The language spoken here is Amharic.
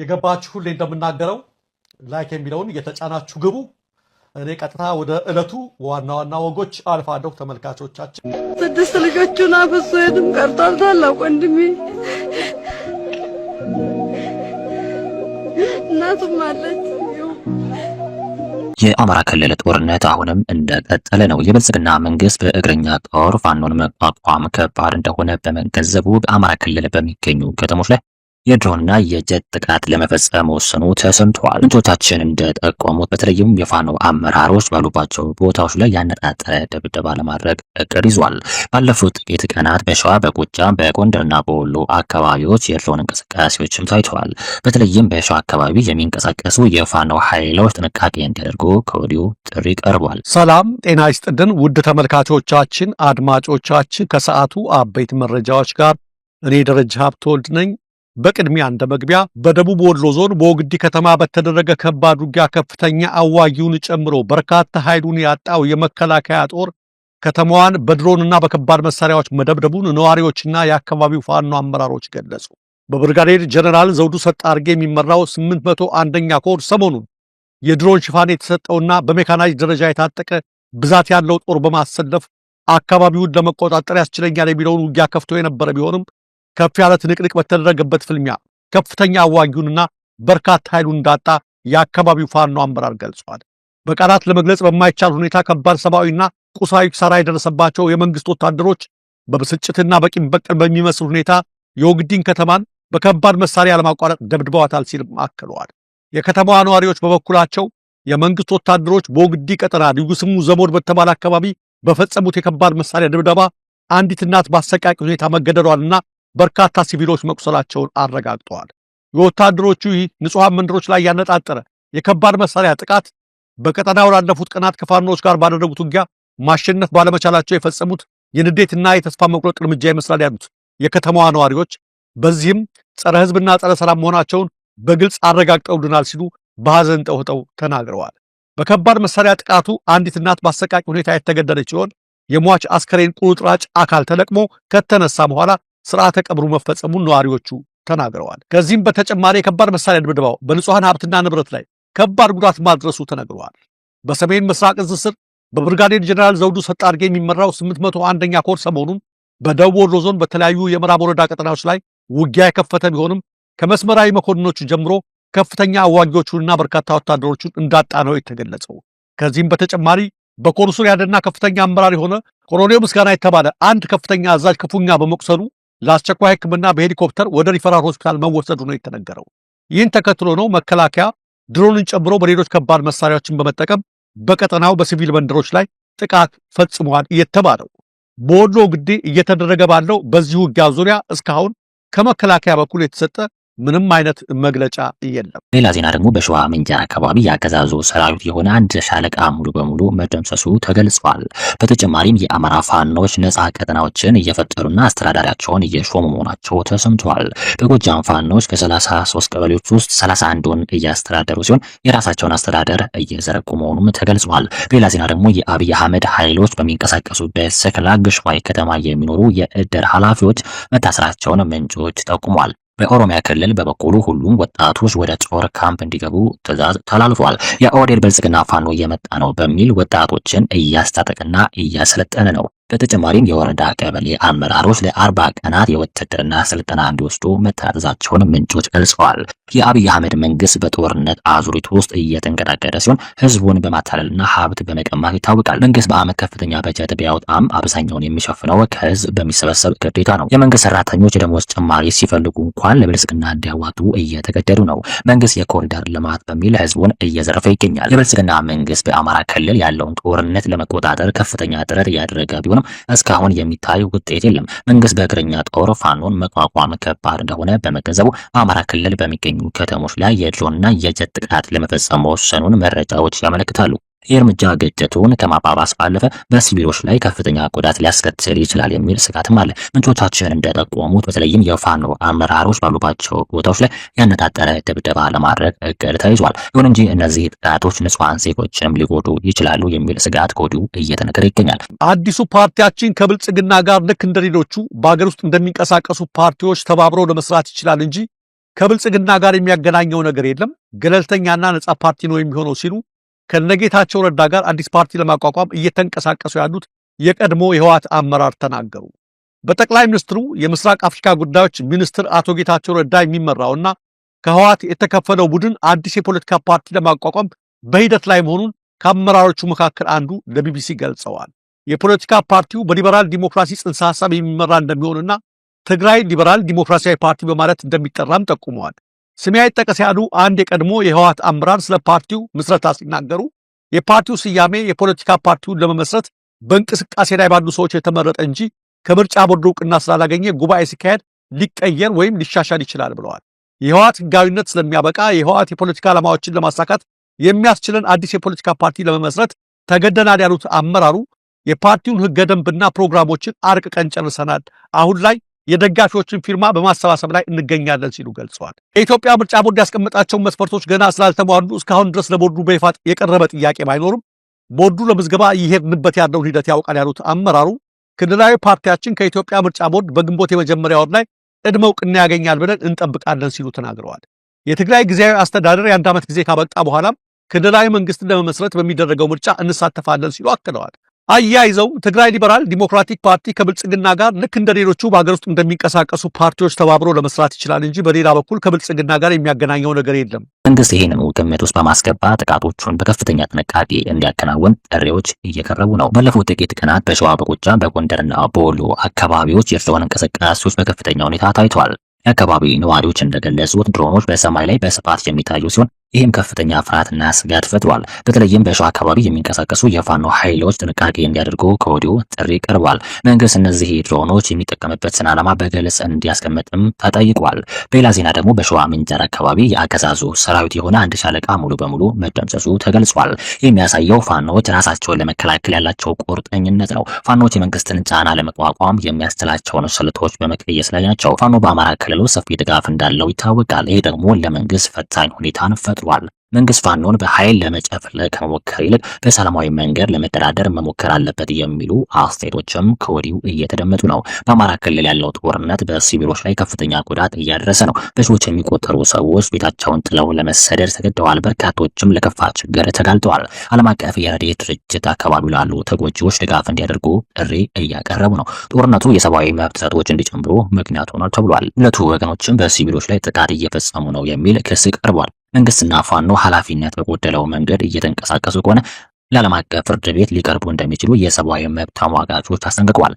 የገባችሁ ሁሌ እንደምናገረው ላይክ የሚለውን የተጫናችሁ ግቡ። እኔ ቀጥታ ወደ ዕለቱ ዋና ዋና ወጎች አልፋለሁ። ተመልካቾቻችን ስድስት ልጆቹን አፍሶ የትም ቀርቷል ታላቅ ወንድሜ። እናቱም አለች። የአማራ ክልል ጦርነት አሁንም እንደቀጠለ ነው። የብልጽግና መንግስት በእግረኛ ጦር ፋኖን መቋቋም ከባድ እንደሆነ በመገንዘቡ በአማራ ክልል በሚገኙ ከተሞች ላይ የድሮንና የጀት ጥቃት ለመፈጸም መወሰኑ ተሰምተዋል። ምንጮቻችን እንደጠቆሙት በተለይም የፋኖ አመራሮች ባሉባቸው ቦታዎች ላይ ያነጣጠረ ድብደባ ለማድረግ እቅድ ይዟል። ባለፉት ጥቂት ቀናት በሸዋ በጎጃም በጎንደርና በወሎ አካባቢዎች የድሮን እንቅስቃሴዎችም ታይተዋል። በተለይም በሸዋ አካባቢ የሚንቀሳቀሱ የፋኖ ኃይሎች ጥንቃቄ እንዲያደርጉ ከወዲሁ ጥሪ ቀርቧል። ሰላም ጤና ይስጥልን ውድ ተመልካቾቻችን፣ አድማጮቻችን ከሰዓቱ አበይት መረጃዎች ጋር እኔ ደረጃ ሀብተወልድ ነኝ። በቅድሚያ እንደ መግቢያ በደቡብ ወሎ ዞን በወግዲ ከተማ በተደረገ ከባድ ውጊያ ከፍተኛ አዋጊውን ጨምሮ በርካታ ኃይሉን ያጣው የመከላከያ ጦር ከተማዋን በድሮንና በከባድ መሳሪያዎች መደብደቡን ነዋሪዎችና የአካባቢው ፋኖ አመራሮች ገለጹ። በብርጋዴር ጀነራል ዘውዱ ሰጣርጌ የሚመራው መቶ አንደኛ ኮር ሰሞኑን የድሮን ሽፋን የተሰጠውና በሜካናይዝ ደረጃ የታጠቀ ብዛት ያለው ጦር በማሰለፍ አካባቢውን ለመቆጣጠር ያስችለኛል የሚለውን ውጊያ ከፍቶ የነበረ ቢሆንም ከፍ ያለ ትንቅንቅ በተደረገበት ፍልሚያ ከፍተኛ አዋጊውንና በርካታ ኃይሉን እንዳጣ የአካባቢው ፋኖ አመራር ገልጿል። በቃላት ለመግለጽ በማይቻል ሁኔታ ከባድ ሰብአዊና ቁሳዊ ኪሳራ የደረሰባቸው የመንግስት ወታደሮች በብስጭትና በቂም በቀል በሚመስል ሁኔታ የኦግዲን ከተማን በከባድ መሳሪያ ለማቋረጥ ደብድበዋታል ሲል አክለዋል። የከተማዋ ነዋሪዎች በበኩላቸው የመንግስት ወታደሮች በኦግዲ ቀጠና ልዩ ስሙ ዘሞድ በተባለ አካባቢ በፈጸሙት የከባድ መሳሪያ ድብደባ አንዲት እናት በአሰቃቂ ሁኔታ መገደሏንና በርካታ ሲቪሎች መቁሰላቸውን አረጋግጠዋል። የወታደሮቹ ይህ ንጹሐን መንደሮች ላይ ያነጣጠረ የከባድ መሳሪያ ጥቃት በቀጠናው ላለፉት ቀናት ከፋኖዎች ጋር ባደረጉት ውጊያ ማሸነፍ ባለመቻላቸው የፈጸሙት የንዴትና የተስፋ መቁረጥ እርምጃ ይመስላል ያሉት የከተማዋ ነዋሪዎች፣ በዚህም ጸረ ሕዝብና ጸረ ሰላም መሆናቸውን በግልጽ አረጋግጠውልናል ሲሉ በሐዘን ጠውጠው ተናግረዋል። በከባድ መሳሪያ ጥቃቱ አንዲት እናት በአሰቃቂ ሁኔታ የተገደለች ሲሆን የሟች አስከሬን ቁርጥራጭ አካል ተለቅሞ ከተነሳ በኋላ ስርዓተ ቀብሩ መፈጸሙን ነዋሪዎቹ ተናግረዋል። ከዚህም በተጨማሪ የከባድ መሳሪያ ድብደባው በንጹሐን ሀብትና ንብረት ላይ ከባድ ጉዳት ማድረሱ ተነግረዋል። በሰሜን ምስራቅ እዝ ስር በብርጋዴር ጀነራል ዘውዱ ሰጣርጌ የሚመራው 801ኛ ኮር ሰሞኑን በደቡብ ወሎ ዞን በተለያዩ የምዕራብ ወረዳ ቀጠናዎች ላይ ውጊያ የከፈተ ቢሆንም ከመስመራዊ መኮንኖቹ ጀምሮ ከፍተኛ አዋጊዎቹንና በርካታ ወታደሮቹን እንዳጣ ነው የተገለጸው። ከዚህም በተጨማሪ በኮር ስር ያለና ከፍተኛ አመራር የሆነ ኮሎኔል ምስጋና የተባለ አንድ ከፍተኛ አዛዥ ክፉኛ በመቁሰሉ ለአስቸኳይ ሕክምና በሄሊኮፕተር ወደ ሪፈራል ሆስፒታል መወሰዱ ነው የተነገረው። ይህን ተከትሎ ነው መከላከያ ድሮንን ጨምሮ በሌሎች ከባድ መሳሪያዎችን በመጠቀም በቀጠናው በሲቪል መንደሮች ላይ ጥቃት ፈጽመዋል የተባለው። በወሎ ግዴ እየተደረገ ባለው በዚህ ውጊያ ዙሪያ እስካሁን ከመከላከያ በኩል የተሰጠ ምንም አይነት መግለጫ የለም። ሌላ ዜና ደግሞ በሸዋ ምንጃር አካባቢ የአገዛዙ ሰራዊት የሆነ አንድ ሻለቃ ሙሉ በሙሉ መደምሰሱ ተገልጿል። በተጨማሪም የአማራ ፋኖች ነጻ ቀጠናዎችን እየፈጠሩና አስተዳዳሪያቸውን እየሾሙ መሆናቸው ተሰምተዋል። በጎጃም ፋኖች ከ33 ቀበሌዎች ውስጥ 31ን እያስተዳደሩ ሲሆን የራሳቸውን አስተዳደር እየዘረጉ መሆኑም ተገልጿል። በሌላ ዜና ደግሞ የአብይ አህመድ ኃይሎች በሚንቀሳቀሱበት ሰክላ ግሽዋይ ከተማ የሚኖሩ የእድር ኃላፊዎች መታሰራቸውን ምንጮች ጠቁሟል። በኦሮሚያ ክልል በበኩሉ ሁሉም ወጣቶች ወደ ጦር ካምፕ እንዲገቡ ትዕዛዝ ተላልፏል። የኦህዴድ ብልጽግና ፋኖ እየመጣ ነው በሚል ወጣቶችን እያስታጠቅና እያሰለጠነ ነው። በተጨማሪም የወረዳ ቀበሌ አመራሮች ለአርባ ቀናት የውትድርና ስልጠና እንዲወስዱ መታዘዛቸውን ምንጮች ገልጸዋል። የአብይ አህመድ መንግስት በጦርነት አዙሪት ውስጥ እየተንገዳገደ ሲሆን ህዝቡን በማታለልና ሀብት በመቀማት ይታወቃል። መንግስት በዓመት ከፍተኛ በጀት ቢያወጣም አብዛኛውን የሚሸፍነው ከህዝብ በሚሰበሰብ ግዴታ ነው። የመንግስት ሰራተኞች ደሞዝ ጭማሪ ሲፈልጉ እንኳን ለብልጽግና እንዲያዋጡ እየተገደዱ ነው። መንግስት የኮሪደር ልማት በሚል ህዝቡን እየዘረፈ ይገኛል። የብልጽግና መንግስት በአማራ ክልል ያለውን ጦርነት ለመቆጣጠር ከፍተኛ ጥረት እያደረገ ቢሆን ቢሆንም እስካሁን የሚታይ ውጤት የለም። መንግስት በእግረኛ ጦር ፋኖን መቋቋም ከባድ እንደሆነ በመገንዘቡ በአማራ ክልል በሚገኙ ከተሞች ላይ የድሮንና የጀት ጥቃት ለመፈጸም መወሰኑን መረጃዎች ያመለክታሉ። የእርምጃ ግጭቱን ከማባባስ ባለፈ በሲቪሎች ላይ ከፍተኛ ጉዳት ሊያስከትል ይችላል የሚል ስጋትም አለ። ምንጮቻችን እንደጠቆሙት በተለይም የፋኖ አመራሮች ባሉባቸው ቦታዎች ላይ ያነጣጠረ ድብደባ ለማድረግ እቅድ ተይዟል። ይሁን እንጂ እነዚህ ጥቃቶች ንጹሐን ዜጎችንም ሊጎዱ ይችላሉ የሚል ስጋት ከወዲሁ እየተነገረ ይገኛል። አዲሱ ፓርቲያችን ከብልጽግና ጋር ልክ እንደሌሎቹ በሀገር ውስጥ እንደሚንቀሳቀሱ ፓርቲዎች ተባብረው ለመስራት ይችላል እንጂ ከብልጽግና ጋር የሚያገናኘው ነገር የለም፣ ገለልተኛና ነጻ ፓርቲ ነው የሚሆነው ሲሉ ከነጌታቸው ረዳ ጋር አዲስ ፓርቲ ለማቋቋም እየተንቀሳቀሱ ያሉት የቀድሞ የህወሓት አመራር ተናገሩ። በጠቅላይ ሚኒስትሩ የምስራቅ አፍሪካ ጉዳዮች ሚኒስትር አቶ ጌታቸው ረዳ የሚመራውና ከህወሓት የተከፈለው ቡድን አዲስ የፖለቲካ ፓርቲ ለማቋቋም በሂደት ላይ መሆኑን ከአመራሮቹ መካከል አንዱ ለቢቢሲ ገልጸዋል። የፖለቲካ ፓርቲው በሊበራል ዲሞክራሲ ጽንሰ ሐሳብ የሚመራ እንደሚሆንና ትግራይ ሊበራል ዲሞክራሲያዊ ፓርቲ በማለት እንደሚጠራም ጠቁመዋል። ስሜ አይጠቀስ ያሉ አንድ የቀድሞ የህወሓት አመራር ስለ ፓርቲው ምስረታ ሲናገሩ የፓርቲው ስያሜ የፖለቲካ ፓርቲውን ለመመስረት በእንቅስቃሴ ላይ ባሉ ሰዎች የተመረጠ እንጂ ከምርጫ ቦርድ እውቅና ስላላገኘ ጉባኤ ሲካሄድ ሊቀየር ወይም ሊሻሻል ይችላል ብለዋል። የህወሓት ህጋዊነት ስለሚያበቃ የህወሓት የፖለቲካ ዓላማዎችን ለማሳካት የሚያስችለን አዲስ የፖለቲካ ፓርቲ ለመመስረት ተገደናል ያሉት አመራሩ የፓርቲውን ህገ ደንብና ፕሮግራሞችን አርቅቀን ጨርሰናል። አሁን ላይ የደጋፊዎችን ፊርማ በማሰባሰብ ላይ እንገኛለን ሲሉ ገልጸዋል። የኢትዮጵያ ምርጫ ቦርድ ያስቀመጣቸውን መስፈርቶች ገና ስላልተሟሉ እስካሁን ድረስ ለቦርዱ በይፋ የቀረበ ጥያቄ ባይኖርም ቦርዱ ለምዝገባ እየሄድንበት ያለውን ሂደት ያውቃል ያሉት አመራሩ ክልላዊ ፓርቲያችን ከኢትዮጵያ ምርጫ ቦርድ በግንቦት የመጀመሪያ ወር ላይ ቅድመ እውቅና ያገኛል ብለን እንጠብቃለን ሲሉ ተናግረዋል። የትግራይ ጊዜያዊ አስተዳደር የአንድ ዓመት ጊዜ ካበቃ በኋላም ክልላዊ መንግስትን ለመመስረት በሚደረገው ምርጫ እንሳተፋለን ሲሉ አክለዋል። አያይዘው ትግራይ ሊበራል ዲሞክራቲክ ፓርቲ ከብልጽግና ጋር ልክ እንደ ሌሎቹ በሀገር ውስጥ እንደሚንቀሳቀሱ ፓርቲዎች ተባብሮ ለመስራት ይችላል እንጂ በሌላ በኩል ከብልጽግና ጋር የሚያገናኘው ነገር የለም። መንግስት ይህንን ግምት ውስጥ በማስገባት ጥቃቶቹን በከፍተኛ ጥንቃቄ እንዲያከናውን ጥሪዎች እየቀረቡ ነው። ባለፉት ጥቂት ቀናት በሸዋ፣ በጎጃም፣ በጎንደርና በወሎ አካባቢዎች የድሮን እንቅስቃሴዎች በከፍተኛ ሁኔታ ታይቷል። የአካባቢ ነዋሪዎች እንደገለጹት ድሮኖች በሰማይ ላይ በስፋት የሚታዩ ሲሆን ይህም ከፍተኛ ፍርሃትና ስጋት ፈጥሯል። በተለይም በሸዋ አካባቢ የሚንቀሳቀሱ የፋኖ ኃይሎች ጥንቃቄ እንዲያደርጉ ከወዲሁ ጥሪ ቀርቧል። መንግስት እነዚህ ድሮኖች የሚጠቀምበትን ዓላማ በግልጽ እንዲያስቀምጥም ተጠይቋል። በሌላ ዜና ደግሞ በሸዋ ምንጃር አካባቢ የአገዛዙ ሰራዊት የሆነ አንድ ሻለቃ ሙሉ በሙሉ መደምሰሱ ተገልጿል። የሚያሳየው ፋኖች ራሳቸውን ለመከላከል ያላቸው ቁርጠኝነት ነው። ፋኖች የመንግስትን ጫና ለመቋቋም የሚያስችላቸውን ስልቶች በመቀየስ ላይ ናቸው። ፋኖ በአማራ ክልል ሰፊ ድጋፍ እንዳለው ይታወቃል። ይህ ደግሞ ለመንግስት ፈታኝ ሁኔታን ፈጥሯል። መንግስት ፋኖን በኃይል ለመጨፍለቅ ከመሞከር ይልቅ በሰላማዊ መንገድ ለመደራደር መሞከር አለበት የሚሉ አስተያየቶችም ከወዲሁ እየተደመጡ ነው። በአማራ ክልል ያለው ጦርነት በሲቪሎች ላይ ከፍተኛ ጉዳት እያደረሰ ነው። በሺዎች የሚቆጠሩ ሰዎች ቤታቸውን ጥለው ለመሰደድ ተገደዋል። በርካቶችም ለከፋ ችግር ተጋልጠዋል። ዓለም አቀፍ የረድኤት ድርጅት አካባቢ ላሉ ተጎጂዎች ድጋፍ እንዲያደርጉ ጥሪ እያቀረቡ ነው። ጦርነቱ የሰብአዊ መብት ጥሰቶች እንዲጨምሩ ምክንያት ሆኗል ተብሏል። ሁለቱ ወገኖችም በሲቪሎች ላይ ጥቃት እየፈጸሙ ነው የሚል ክስ ቀርቧል። መንግስትና ፋኖ ኃላፊነት በጎደለው መንገድ እየተንቀሳቀሱ ከሆነ ለዓለም አቀፍ ፍርድ ቤት ሊቀርቡ እንደሚችሉ የሰብአዊ መብት ተሟጋቾች አስጠንቅቀዋል።